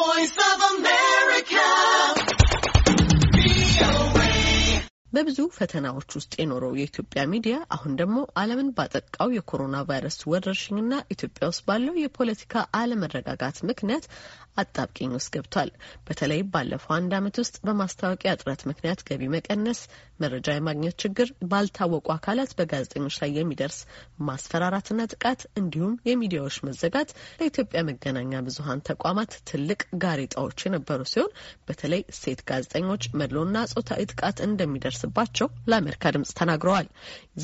voice በብዙ ፈተናዎች ውስጥ የኖረው የኢትዮጵያ ሚዲያ አሁን ደግሞ ዓለምን ባጠቃው የኮሮና ቫይረስ ወረርሽኝና ኢትዮጵያ ውስጥ ባለው የፖለቲካ አለመረጋጋት ምክንያት አጣብቂኝ ውስጥ ገብቷል። በተለይ ባለፈው አንድ ዓመት ውስጥ በማስታወቂያ እጥረት ምክንያት ገቢ መቀነስ፣ መረጃ የማግኘት ችግር፣ ባልታወቁ አካላት በጋዜጠኞች ላይ የሚደርስ ማስፈራራትና ጥቃት እንዲሁም የሚዲያዎች መዘጋት ለኢትዮጵያ መገናኛ ብዙኃን ተቋማት ትልቅ ጋሬጣዎች የነበሩ ሲሆን በተለይ ሴት ጋዜጠኞች መድሎና ጾታዊ ጥቃት እንደሚደርስ እንደሚደርስባቸው ለአሜሪካ ድምጽ ተናግረዋል።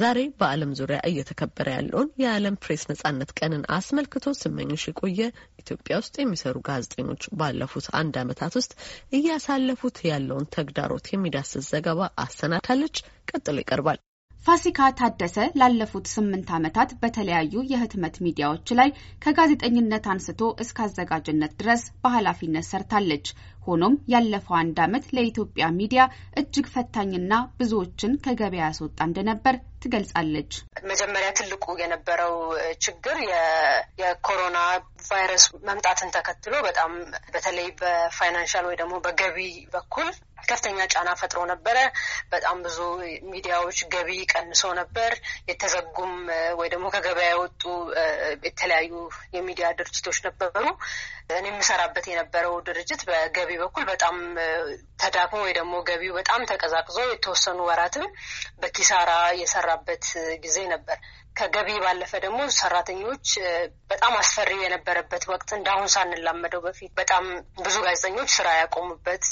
ዛሬ በዓለም ዙሪያ እየተከበረ ያለውን የዓለም ፕሬስ ነጻነት ቀንን አስመልክቶ ስመኞሽ የቆየ ኢትዮጵያ ውስጥ የሚሰሩ ጋዜጠኞች ባለፉት አንድ ዓመታት ውስጥ እያሳለፉት ያለውን ተግዳሮት የሚዳስስ ዘገባ አሰናድታለች። ቀጥሎ ይቀርባል። ፋሲካ ታደሰ ላለፉት ስምንት ዓመታት በተለያዩ የህትመት ሚዲያዎች ላይ ከጋዜጠኝነት አንስቶ እስከ አዘጋጅነት ድረስ በኃላፊነት ሰርታለች። ሆኖም ያለፈው አንድ ዓመት ለኢትዮጵያ ሚዲያ እጅግ ፈታኝና ብዙዎችን ከገበያ ያስወጣ እንደነበር ትገልጻለች። መጀመሪያ ትልቁ የነበረው ችግር የኮሮና ቫይረስ መምጣትን ተከትሎ በጣም በተለይ በፋይናንሻል ወይ ደግሞ በገቢ በኩል ከፍተኛ ጫና ፈጥሮ ነበረ። በጣም ብዙ ሚዲያዎች ገቢ ቀንሶ ነበር። የተዘጉም ወይ ደግሞ ከገበያ የወጡ የተለያዩ የሚዲያ ድርጅቶች ነበሩ። እኔ የምሰራበት የነበረው ድርጅት በገቢ በኩል በጣም ተዳክሞ ወይ ደግሞ ገቢው በጣም ተቀዛቅዞ የተወሰኑ ወራትም በኪሳራ የሰራበት ጊዜ ነበር። ከገቢ ባለፈ ደግሞ ሰራተኞች በጣም አስፈሪ የነበረበት ወቅት እንዳሁን ሳንላመደው በፊት በጣም ብዙ ጋዜጠኞች ስራ ያቆሙበት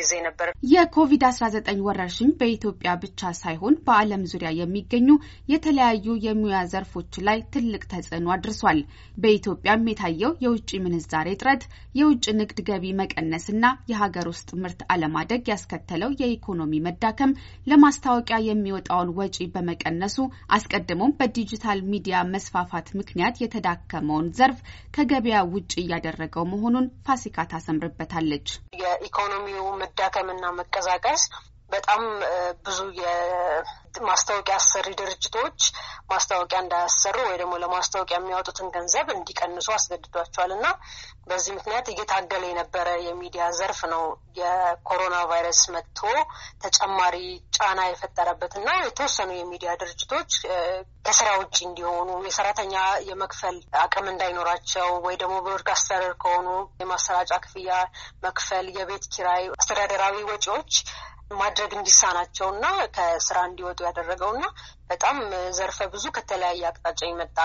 ጊዜ ነበር። የኮቪድ አስራ ዘጠኝ ወረርሽኝ በኢትዮጵያ ብቻ ሳይሆን በዓለም ዙሪያ የሚገኙ የተለያዩ የሙያ ዘርፎች ላይ ትልቅ ተጽዕኖ አድርሷል። በኢትዮጵያም የታየው የውጭ ምንዛሬ እጥረት፣ የውጭ ንግድ ገቢ መቀነስና የሀገር ውስጥ ምርት አለ አለማደግ ያስከተለው የኢኮኖሚ መዳከም ለማስታወቂያ የሚወጣውን ወጪ በመቀነሱ አስቀድሞም በዲጂታል ሚዲያ መስፋፋት ምክንያት የተዳከመውን ዘርፍ ከገበያ ውጭ እያደረገው መሆኑን ፋሲካ ታሰምርበታለች። የኢኮኖሚው መዳከምና መቀዛቀስ በጣም ብዙ የማስታወቂያ አሰሪ ድርጅቶች ማስታወቂያ እንዳያሰሩ ወይ ደግሞ ለማስታወቂያ የሚያወጡትን ገንዘብ እንዲቀንሱ አስገድዷቸዋል እና በዚህ ምክንያት እየታገለ የነበረ የሚዲያ ዘርፍ ነው የኮሮና ቫይረስ መጥቶ ተጨማሪ ጫና የፈጠረበት እና የተወሰኑ የሚዲያ ድርጅቶች ከስራ ውጭ እንዲሆኑ የሰራተኛ የመክፈል አቅም እንዳይኖራቸው ወይ ደግሞ ብሮድካስተር ከሆኑ የማሰራጫ ክፍያ መክፈል፣ የቤት ኪራይ፣ አስተዳደራዊ ወጪዎች ማድረግ እንዲሳናቸው እና ከስራ እንዲወጡ ያደረገው እና በጣም ዘርፈ ብዙ ከተለያየ አቅጣጫ የመጣ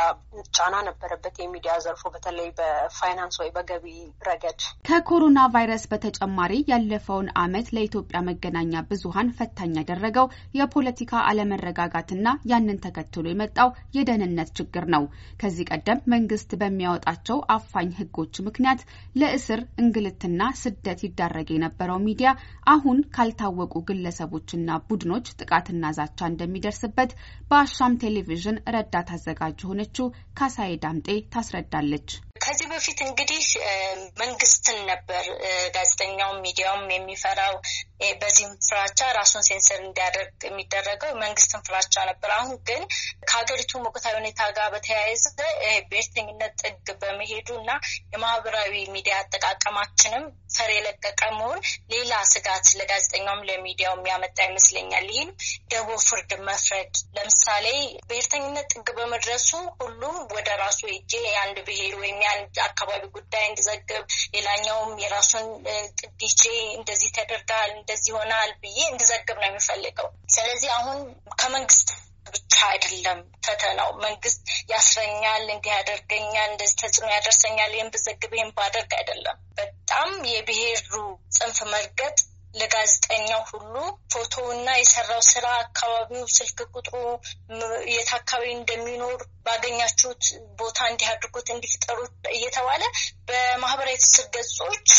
ጫና ነበረበት የሚዲያ ዘርፎ በተለይ በፋይናንስ ወይ በገቢ ረገድ። ከኮሮና ቫይረስ በተጨማሪ ያለፈውን ዓመት ለኢትዮጵያ መገናኛ ብዙኃን ፈታኝ ያደረገው የፖለቲካ አለመረጋጋትና ያንን ተከትሎ የመጣው የደህንነት ችግር ነው። ከዚህ ቀደም መንግስት በሚያወጣቸው አፋኝ ህጎች ምክንያት ለእስር እንግልትና ስደት ይዳረግ የነበረው ሚዲያ አሁን ካልታወቁ ግለሰቦችና ቡድኖች ጥቃትና ዛቻ እንደሚደርስበት በአሻም ቴሌቪዥን ረዳት አዘጋጅ የሆነችው ካሳዬ ዳምጤ ታስረዳለች። ከዚህ በፊት እንግዲህ መንግስትን ነበር ጋዜጠኛውም ሚዲያውም የሚፈራው። በዚህም ፍራቻ ራሱን ሴንሰር እንዲያደርግ የሚደረገው መንግስትን ፍራቻ ነበር። አሁን ግን ከሀገሪቱ ወቅታዊ ሁኔታ ጋር በተያያዘ ብሔርተኝነት ጥግ በመሄዱ እና የማህበራዊ ሚዲያ አጠቃቀማችንም ፈር የለቀቀ መሆን ሌላ ስጋት ለጋዜጠኛውም ለሚዲያው የሚያመጣ ይመስለኛል። ይህም ደቦ ፍርድ መፍረድ ለምሳሌ ብሔርተኝነት ጥግ በመድረሱ ሁሉም ወደ ራሱ እጄ የአንድ ብሔር ወይም የአንድ አካባቢ ጉዳይ እንድዘግብ፣ ሌላኛውም የራሱን ጥዲቼ እንደዚህ ተደርጋል እንደዚህ ይሆናል ብዬ እንድዘግብ ነው የሚፈልገው። ስለዚህ አሁን ከመንግስት ብቻ አይደለም ፈተናው። መንግስት ያስረኛል፣ እንዲህ ያደርገኛል፣ እንደዚህ ተጽዕኖ ያደርሰኛል፣ ይህን ብዘግብ ይህን ባደርግ አይደለም። በጣም የብሔሩ ጽንፍ መርገጥ ለጋዜጠኛው ሁሉ ፎቶውና የሰራው ስራ፣ አካባቢው፣ ስልክ ቁጥሩ፣ የት አካባቢ እንደሚኖር ባገኛችሁት ቦታ እንዲያድርጉት እንዲፍጠሩት እየተባለ በማህበራዊ ትስስር ገጾች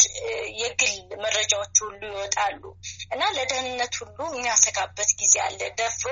የግል መረጃዎች ሁሉ ይወጣሉ እና ለደህንነት ሁሉ የሚያሰጋበት ጊዜ አለ። ደፍሮ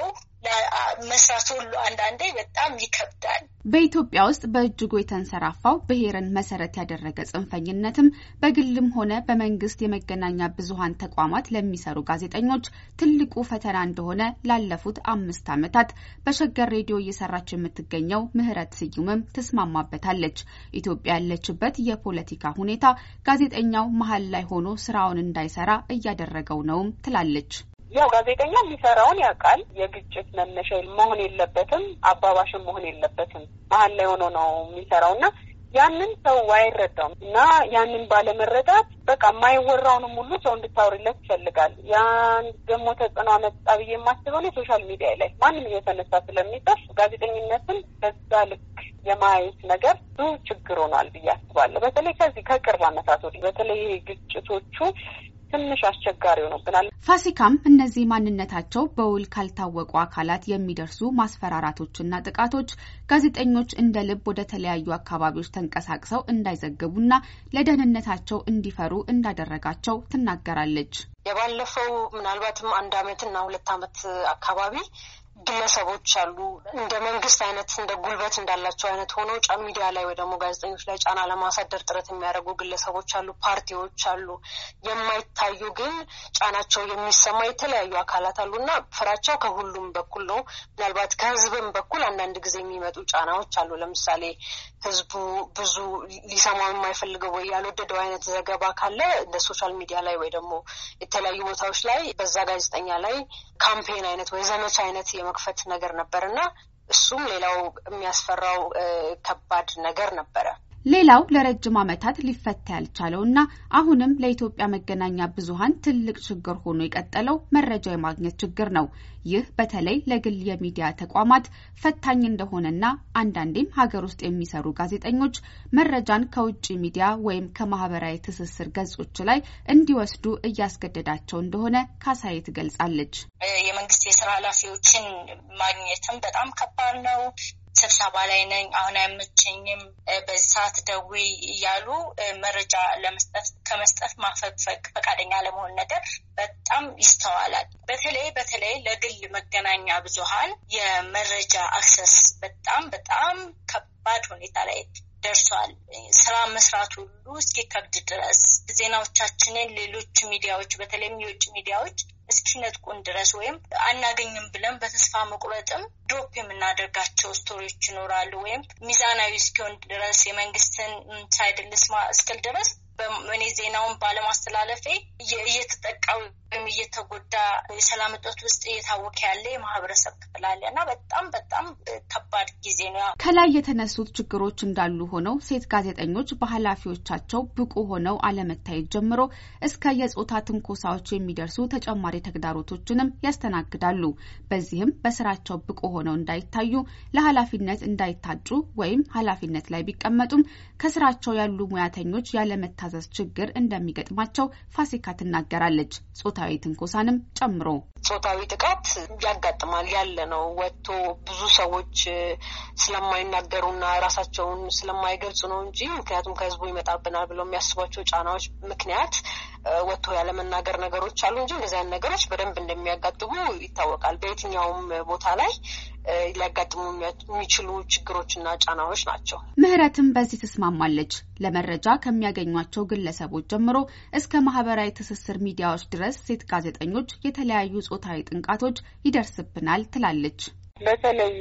መስራት ሁሉ አንዳንዴ በጣም ይከብዳል። በኢትዮጵያ ውስጥ በእጅጉ የተንሰራፋው ብሔርን መሰረት ያደረገ ጽንፈኝነትም በግልም ሆነ በመንግስት የመገናኛ ብዙሀን ተቋማት ለሚሰሩ ጋዜጠኞች ትልቁ ፈተና እንደሆነ ላለፉት አምስት ዓመታት በሸገር ሬዲዮ እየሰራች የምትገኘው ምህረት ስዩምም ትስማማበታለች። ኢትዮጵያ ያለችበት የፖለቲካ ሁኔታ ጋዜጠኛው መሀል ላይ ሆኖ ስራውን እንዳይሰራ እያደረገው ነውም ትላለች። ያው ጋዜጠኛ የሚሰራውን ያውቃል። የግጭት መነሻ መሆን የለበትም፣ አባባሽም መሆን የለበትም። መሀል ላይ ሆኖ ነው የሚሰራው እና ያንን ሰው አይረዳውም እና ያንን ባለመረዳት በቃ የማይወራውንም ሁሉ ሰው እንድታወሪለት ይፈልጋል። ያን ደግሞ ተጽዕኖ አመጣ ብዬ የማስበው ሶሻል ሚዲያ ላይ ማንም እየተነሳ ስለሚጠፍ ጋዜጠኝነትን በዛ ልክ የማየት ነገር ብዙ ችግር ሆኗል ብዬ አስባለሁ። በተለይ ከዚህ ከቅርብ አመታት ወዲህ በተለይ ግጭቶቹ ትንሽ አስቸጋሪ ሆኖብናል። ፋሲካም እነዚህ ማንነታቸው በውል ካልታወቁ አካላት የሚደርሱ ማስፈራራቶችና ጥቃቶች ጋዜጠኞች እንደ ልብ ወደ ተለያዩ አካባቢዎች ተንቀሳቅሰው እንዳይዘግቡና ለደህንነታቸው እንዲፈሩ እንዳደረጋቸው ትናገራለች። የባለፈው ምናልባትም አንድ አመትና ሁለት አመት አካባቢ ግለሰቦች አሉ እንደ መንግስት አይነት እንደ ጉልበት እንዳላቸው አይነት ሆነው ጫ ሚዲያ ላይ ወይ ደግሞ ጋዜጠኞች ላይ ጫና ለማሳደር ጥረት የሚያደርጉ ግለሰቦች አሉ፣ ፓርቲዎች አሉ፣ የማይታዩ ግን ጫናቸው የሚሰማ የተለያዩ አካላት አሉ እና ፍራቻው ከሁሉም በኩል ነው። ምናልባት ከህዝብም በኩል አንዳንድ ጊዜ የሚመጡ ጫናዎች አሉ። ለምሳሌ ህዝቡ ብዙ ሊሰማው የማይፈልገው ወይ ያልወደደው አይነት ዘገባ ካለ እንደ ሶሻል ሚዲያ ላይ ወይ ደግሞ የተለያዩ ቦታዎች ላይ በዛ ጋዜጠኛ ላይ ካምፔን አይነት ወይ ዘመቻ አይነት የመክፈት ነገር ነበር እና እሱም ሌላው የሚያስፈራው ከባድ ነገር ነበረ። ሌላው ለረጅም ዓመታት ሊፈታ ያልቻለው እና አሁንም ለኢትዮጵያ መገናኛ ብዙሃን ትልቅ ችግር ሆኖ የቀጠለው መረጃ የማግኘት ችግር ነው። ይህ በተለይ ለግል የሚዲያ ተቋማት ፈታኝ እንደሆነና አንዳንዴም ሀገር ውስጥ የሚሰሩ ጋዜጠኞች መረጃን ከውጭ ሚዲያ ወይም ከማህበራዊ ትስስር ገጾች ላይ እንዲወስዱ እያስገደዳቸው እንደሆነ ካሳዬ ትገልጻለች። የመንግስት የስራ ኃላፊዎችን ማግኘትም በጣም ከባድ ነው። ስብሰባ ላይ ነኝ፣ አሁን አይመቸኝም፣ በዚህ ሰዓት ደውይ እያሉ መረጃ ለመስጠት ከመስጠት ማፈግፈግ፣ ፈቃደኛ ለመሆን ነገር በጣም ይስተዋላል። በተለይ በተለይ ለግል መገናኛ ብዙሃን የመረጃ አክሰስ በጣም በጣም ከባድ ሁኔታ ላይ ደርሷል። ስራ መስራት ሁሉ እስኪከብድ ድረስ ዜናዎቻችንን ሌሎች ሚዲያዎች በተለይም የውጭ ሚዲያዎች እስኪነጥቁን ድረስ ወይም አናገኝም ብለን በተስፋ መቁረጥም ድሮፕ የምናደርጋቸው ስቶሪዎች ይኖራሉ። ወይም ሚዛናዊ እስኪሆን ድረስ የመንግስትን ሳይድልስ እስክል ድረስ እኔ ዜናውን ባለማስተላለፌ እየተጠቃው ወይም እየተጎዳ የሰላም እጦት ውስጥ እየታወቀ ያለ የማህበረሰብ ክፍል አለ እና በጣም በጣም ከባድ ጊዜ ነው። ከላይ የተነሱት ችግሮች እንዳሉ ሆነው ሴት ጋዜጠኞች በኃላፊዎቻቸው ብቁ ሆነው አለመታየት ጀምሮ እስከ የጾታ ትንኮሳዎች የሚደርሱ ተጨማሪ ተግዳሮቶችንም ያስተናግዳሉ። በዚህም በስራቸው ብቁ ሆነው እንዳይታዩ፣ ለኃላፊነት እንዳይታጩ ወይም ኃላፊነት ላይ ቢቀመጡም ከስራቸው ያሉ ሙያተኞች ያለመታዘዝ ችግር እንደሚገጥማቸው ፋሲካ ትናገራለች። ጾታ ጾታዊ ትንኮሳንም ጨምሮ ጾታዊ ጥቃት ያጋጥማል ያለ ነው። ወጥቶ ብዙ ሰዎች ስለማይናገሩና ራሳቸውን ስለማይገልጹ ነው እንጂ ምክንያቱም ከህዝቡ ይመጣብናል ብለው የሚያስቧቸው ጫናዎች ምክንያት ወጥቶ ያለመናገር ነገሮች አሉ እንጂ እንደዚህ አይነት ነገሮች በደንብ እንደሚያጋጥሙ ይታወቃል። በየትኛውም ቦታ ላይ ሊያጋጥሙ የሚችሉ ችግሮችና ጫናዎች ናቸው። ምህረትም በዚህ ትስማማለች። ለመረጃ ከሚያገኟቸው ግለሰቦች ጀምሮ እስከ ማህበራዊ ትስስር ሚዲያዎች ድረስ ሴት ጋዜጠኞች የተለያዩ ጾታዊ ጥንቃቶች ይደርስብናል ትላለች። በተለይ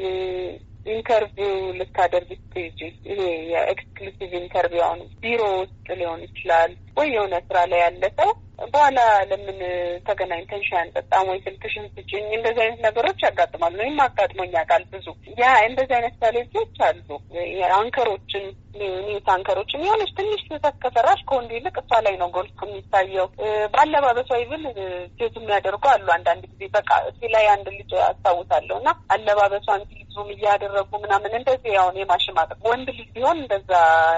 ኢንተርቪው ልታደርግ ስትሄጂ ይሄ የኤክስክሉሲቭ ኢንተርቪው አሁን ቢሮ ውስጥ ሊሆን ይችላል ወይ የሆነ ስራ ላይ ያለ ሰው በኋላ ለምን ተገናኝተን ሻይ አንጠጣም ወይ ስልክሽን ስጭኝ፣ እንደዚህ አይነት ነገሮች ያጋጥማሉ። ወይም አጋጥሞኛ ቃል ብዙ ያ እንደዚህ አይነት ሳሌጆች አሉ። አንከሮችን ኒውት አንከሮችን የሆነች ትንሽ ስህተት ከሰራሽ ከወንዱ ይልቅ እሷ ላይ ነው ጎልፍ የሚታየው። በአለባበሷ ይብል ሴቱ የሚያደርጉ አሉ። አንዳንድ ጊዜ በቃ እዚህ ላይ አንድ ልጅ አስታውሳለሁ እና አለባበሷን ሲዙም እያደረጉ ምናምን እንደዚህ ያሁን የማሸማቀቅ ወንድ ልጅ ቢሆን እንደዛ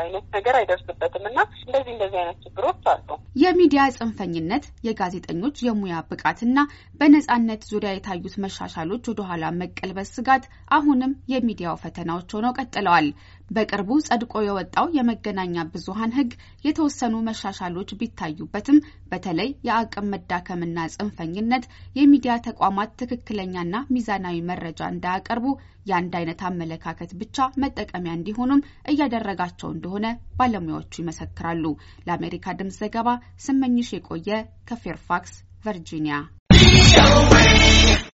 አይነት ነገር አይደርስበትም እና እንደዚህ እንደዚህ አይነት ችግሮች አሉ። የሚዲያ ጽንፈኝነት፣ የጋዜጠኞች የሙያ ብቃትና በነጻነት ዙሪያ የታዩት መሻሻሎች ወደኋላ መቀልበስ ስጋት አሁንም የሚዲያው ፈተናዎች ሆነው ቀጥለዋል። በቅርቡ ጸድቆ የወጣው የመገናኛ ብዙሃን ህግ የተወሰኑ መሻሻሎች ቢታዩበትም በተለይ የአቅም መዳከምና ጽንፈኝነት የሚዲያ ተቋማት ትክክለኛና ሚዛናዊ መረጃ እንዳያቀርቡ የአንድ አይነት አመለካከት ብቻ መጠቀሚያ እንዲሆኑም እያደረጋቸው እንደሆነ ባለሙያዎቹ ይመሰክራሉ። ለአሜሪካ ድምፅ ዘገባ ስመኝሽ የቆየ ከፌርፋክስ ቨርጂኒያ